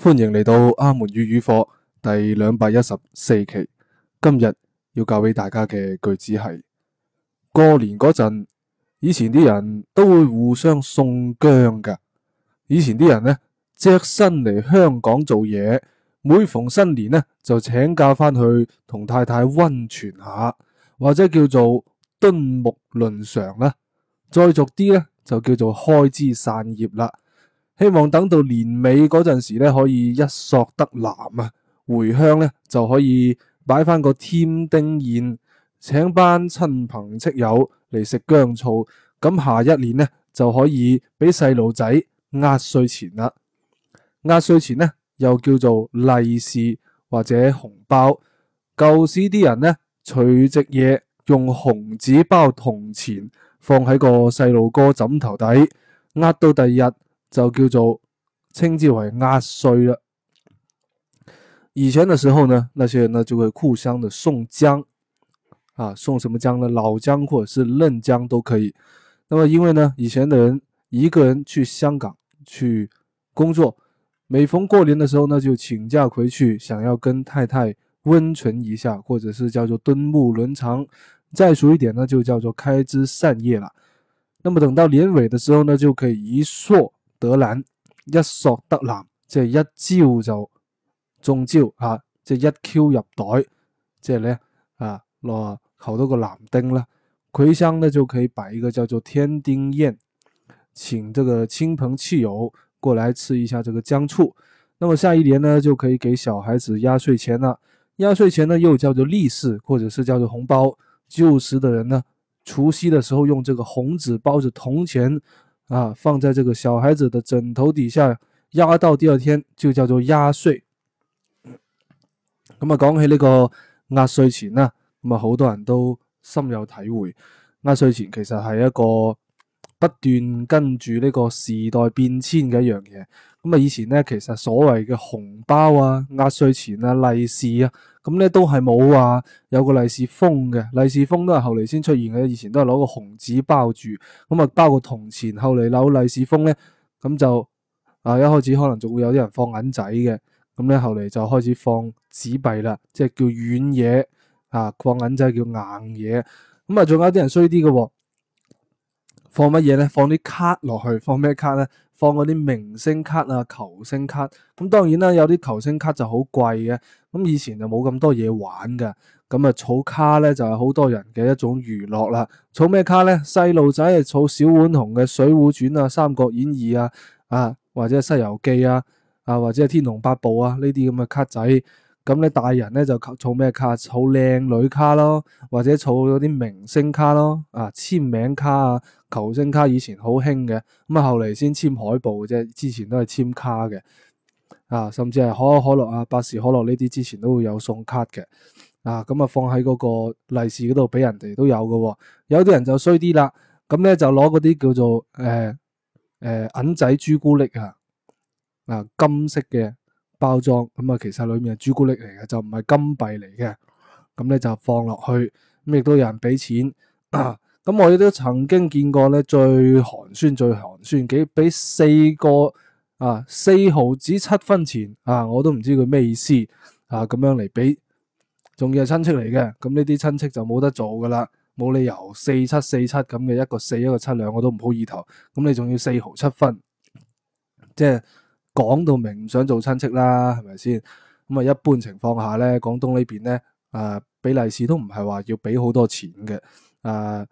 歡迎嚟到阿門粵語課第兩百一十四期。今日要教俾大家嘅句子係：過年嗰陣，以前啲人都會互相送薑噶。以前啲人呢，隻身嚟香港做嘢，每逢新年呢，就請假翻去同太太溫存下，或者叫做敦睦倫常啦。再俗啲咧，就叫做開枝散葉啦。希望等到年尾嗰陣時咧，可以一索得男啊，回鄉咧就可以擺翻個添丁宴，請班親朋戚友嚟食薑醋。咁下一年咧就可以俾細路仔壓歲錢啦。壓歲錢咧又叫做利是或者紅包。舊時啲人咧除夕夜用紅紙包銅錢，放喺個細路哥枕頭底，壓到第二日。就叫做稱之為壓歲了。以前的時候呢，那些人呢就會互相的送薑，啊，送什麼薑呢？老薑或者是嫩薑都可以。那麼因為呢以前的人一個人去香港去工作，每逢過年的時候呢就請假回去，想要跟太太温存一下，或者是叫做敦睦倫常。再俗一點呢就叫做開枝散葉了，那麼等到年尾的時候呢就可以一索。得男，一索得男，即係一招就中招啊！即係一 Q 入袋，即係咧啊，攞好多個男丁啦。回鄉呢就可以擺一個叫做添丁宴，請這個親朋戚友過來吃一下這個薑醋。那麼下一年呢就可以給小孩子壓歲錢啦，啊。壓歲錢呢又叫做利是，或者是叫做紅包。舊時的人呢，除夕的時候用這個紅紙包着銅錢。啊！放在這個小孩子的枕頭底下，壓到第二天就叫做壓歲。咁啊，講起呢個壓歲錢啦，咁啊，好多人都深有體會。壓歲錢其實係一個。不斷跟住呢個時代變遷嘅一樣嘢，咁啊，以前咧，其實所謂嘅紅包啊、壓歲錢啊、利是啊，咁咧都係冇話有個利是封嘅，利是封都係後嚟先出現嘅，以前都係攞個紅紙包住，咁啊包個銅錢，後嚟攞個利是封咧，咁就啊一開始可能仲會有啲人放銀仔嘅，咁咧後嚟就開始放紙幣啦，即係叫軟嘢，啊放銀仔叫硬嘢，咁啊仲有啲人衰啲嘅喎。放乜嘢咧？放啲卡落去，放咩卡咧？放嗰啲明星卡啊、球星卡。咁當然啦，有啲球星卡就好貴嘅。咁以前就冇咁多嘢玩噶，咁啊，儲卡咧就係、是、好多人嘅一種娛樂啦。儲咩卡咧？細路仔係儲小浣熊嘅、啊《水滸傳》啊，《三國演義》啊，啊或者係《西遊記》啊，啊或者係《天龍八部》啊呢啲咁嘅卡仔。咁咧大人咧就儲咩卡？儲靚女卡咯，或者儲嗰啲明星卡咯，啊簽名卡啊。球星卡以前好興嘅，咁啊後嚟先簽海報啫，之前都係簽卡嘅，啊甚至係可口可樂啊、百事可樂呢啲，之前都會有送卡嘅，啊咁啊放喺嗰個利是嗰度俾人哋都有嘅，有啲人就衰啲啦，咁咧就攞嗰啲叫做誒誒銀仔朱古力啊，啊金色嘅包裝，咁啊其實裏面係朱古力嚟嘅，就唔係金幣嚟嘅，咁咧就放落去，咁亦都有人俾錢 咁我亦都曾經見過咧，最寒酸最寒酸，幾俾四個啊四毫子七分錢啊，我都唔知佢咩意思啊咁樣嚟俾，仲要係親戚嚟嘅，咁呢啲親戚就冇得做噶啦，冇理由四七四七咁嘅一個四一個七兩，我都唔好意頭。咁、嗯、你仲要四毫七分，即係講到明唔想做親戚啦，係咪先？咁、嗯、啊，一般情況下咧，廣東邊呢邊咧，誒俾利是都唔係話要俾好多錢嘅，誒、啊。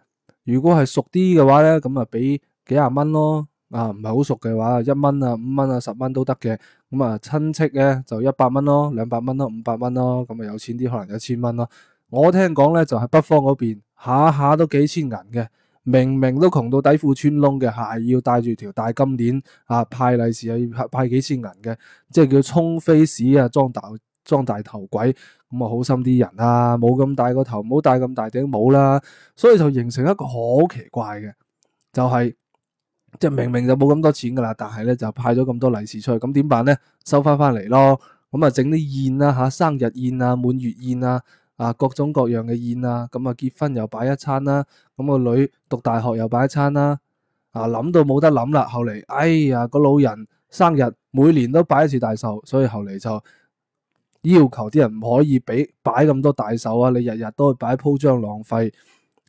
如果係熟啲嘅話咧，咁啊俾幾廿蚊咯，啊唔係好熟嘅話，一蚊啊五蚊啊十蚊都得嘅。咁啊親戚咧就一百蚊咯，兩百蚊咯，五百蚊咯，咁啊有錢啲可能一千蚊咯。我聽講咧就係、是、北方嗰邊下下都幾千銀嘅，明明都窮到底褲穿窿嘅，係、啊、要帶住條大金鏈啊派利是又要派，派幾千銀嘅，即係叫充飛士啊裝大。裝大頭鬼咁啊，好心啲人啊。冇咁大個頭，冇戴咁大頂帽啦，啊，所以就形成一個好奇怪嘅，就係、是、即係明明就冇咁多錢噶啦，但係咧就派咗咁多利是出去，咁點辦咧？收翻翻嚟咯，咁啊整啲宴啦吓，生日宴啊、滿月宴啊，啊各種各樣嘅宴啊，咁啊結婚又擺一餐啦，啊，咁、啊、個女讀大學又擺一餐啦，啊，啊諗到冇得諗啦，後嚟哎呀個老人生日每年都擺一次大壽，所以後嚟就。要求啲人唔可以俾擺咁多大壽啊！你日日都去擺鋪張浪費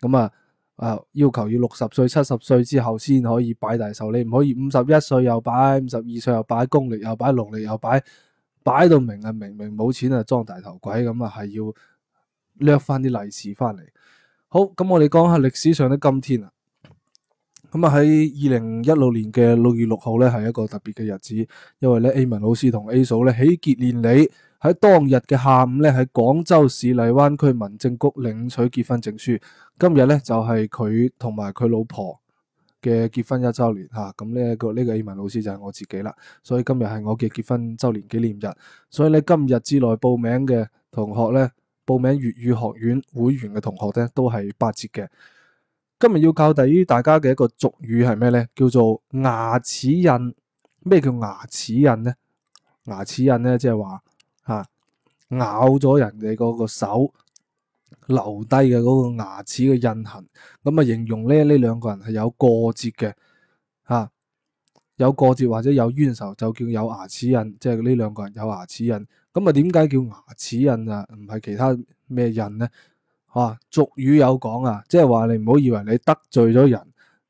咁啊啊！要求要六十歲七十歲之後先可以擺大壽，你唔可以五十一歲又擺，五十二歲又擺，公歷又擺，農曆又擺，擺到明啊！明明冇錢啊，裝大頭鬼咁啊，係要掠翻啲利是翻嚟。好，咁，我哋講下歷史上的今天啊。咁啊，喺二零一六年嘅六月六號咧，係一個特別嘅日子，因為咧 A 文老師同 A 嫂咧喜結連理。喺當日嘅下午咧，喺廣州市荔灣區民政局領取結婚證書。今日咧就係佢同埋佢老婆嘅結婚一周年。吓，咁呢個呢個英文老師就係我自己啦，所以今日係我嘅結婚周年紀念日。所以咧今日之內報名嘅同學咧，報名粵語學院會員嘅同學咧，都係八折嘅。今日要教俾大家嘅一個俗語係咩咧？叫做牙齒印。咩叫牙齒印呢？牙齒印呢，牙齒印咧，即係話。咬咗人哋嗰個手，留低嘅嗰個牙齒嘅印痕，咁啊形容咧呢兩個人係有過節嘅，吓、啊、有過節或者有冤仇，就叫有牙齒印，即係呢兩個人有牙齒印。咁啊，點解叫牙齒印啊？唔係其他咩印咧？啊，俗語有講啊，即係話你唔好以為你得罪咗人，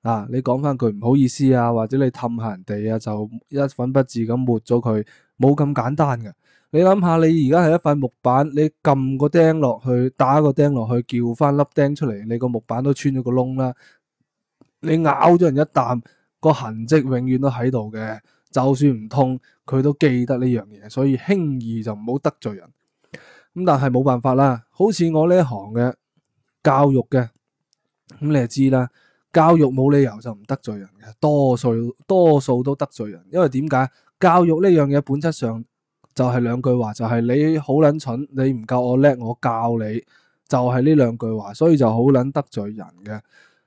啊，你講翻句唔好意思啊，或者你氹下人哋啊，就一粉不滯咁抹咗佢，冇咁簡單嘅。你諗下，你而家係一塊木板，你撳個釘落去，打個釘落去，撬翻粒釘出嚟，你個木板都穿咗個窿啦。你咬咗人一啖，個痕迹永遠都喺度嘅，就算唔痛，佢都記得呢樣嘢。所以輕易就唔好得罪人。咁但係冇辦法啦，好似我呢行嘅教育嘅，咁你就知啦，教育冇理由就唔得罪人嘅，多數多數都得罪人，因為點解？教育呢樣嘢本質上。就係兩句話，就係你好撚蠢，你唔夠我叻，我教你，就係呢兩句話，所以就好撚得罪人嘅。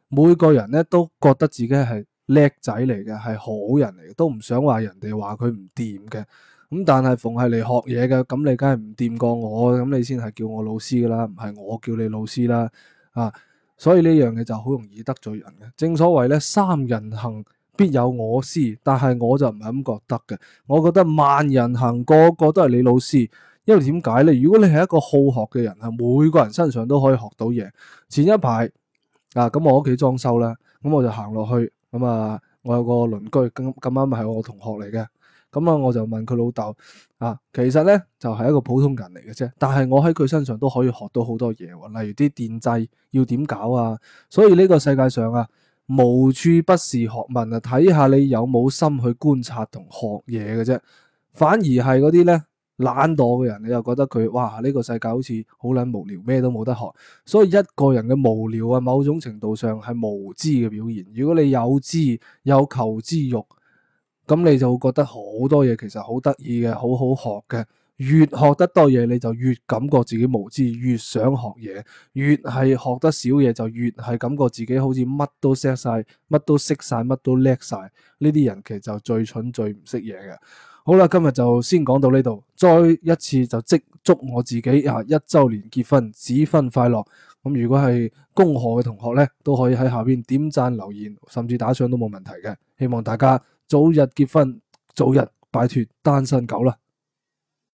每個人咧都覺得自己係叻仔嚟嘅，係好人嚟嘅，都唔想話人哋話佢唔掂嘅。咁但係逢係嚟學嘢嘅，咁你梗係唔掂過我，咁你先係叫我老師㗎啦，唔係我叫你老師啦。啊，所以呢樣嘢就好容易得罪人嘅。正所謂咧，三人行，必有我師，但係我就唔係咁覺得嘅。我覺得萬人行，個個都係你老師。因為點解咧？如果你係一個好學嘅人啊，每個人身上都可以學到嘢。前一排啊，咁我屋企裝修啦，咁我就行落去，咁啊，我有個鄰居咁咁啱咪係我同學嚟嘅，咁啊，我就問佢老豆啊，其實咧就係一個普通人嚟嘅啫。但係我喺佢身上都可以學到好多嘢，例如啲電掣要點搞啊。所以呢個世界上啊。無處不是學問啊！睇下你有冇心去觀察同學嘢嘅啫，反而係嗰啲咧懶惰嘅人，你又覺得佢哇呢個世界好似好捻無聊，咩都冇得學。所以一個人嘅無聊啊，某種程度上係無知嘅表現。如果你有知有求知慾，咁你就會覺得好多嘢其實好得意嘅，好好學嘅。越學得多嘢，你就越感覺自己無知，越想學嘢；越係學得少嘢，就越係感覺自己好似乜都識晒，乜都識晒，乜都叻晒。呢啲人其實就最蠢、最唔識嘢嘅。好啦，今日就先講到呢度，再一次就即祝我自己啊一周年結婚，紙婚快樂。咁如果係恭賀嘅同學咧，都可以喺下邊點讚留言，甚至打賞都冇問題嘅。希望大家早日結婚，早日擺脱單身狗啦！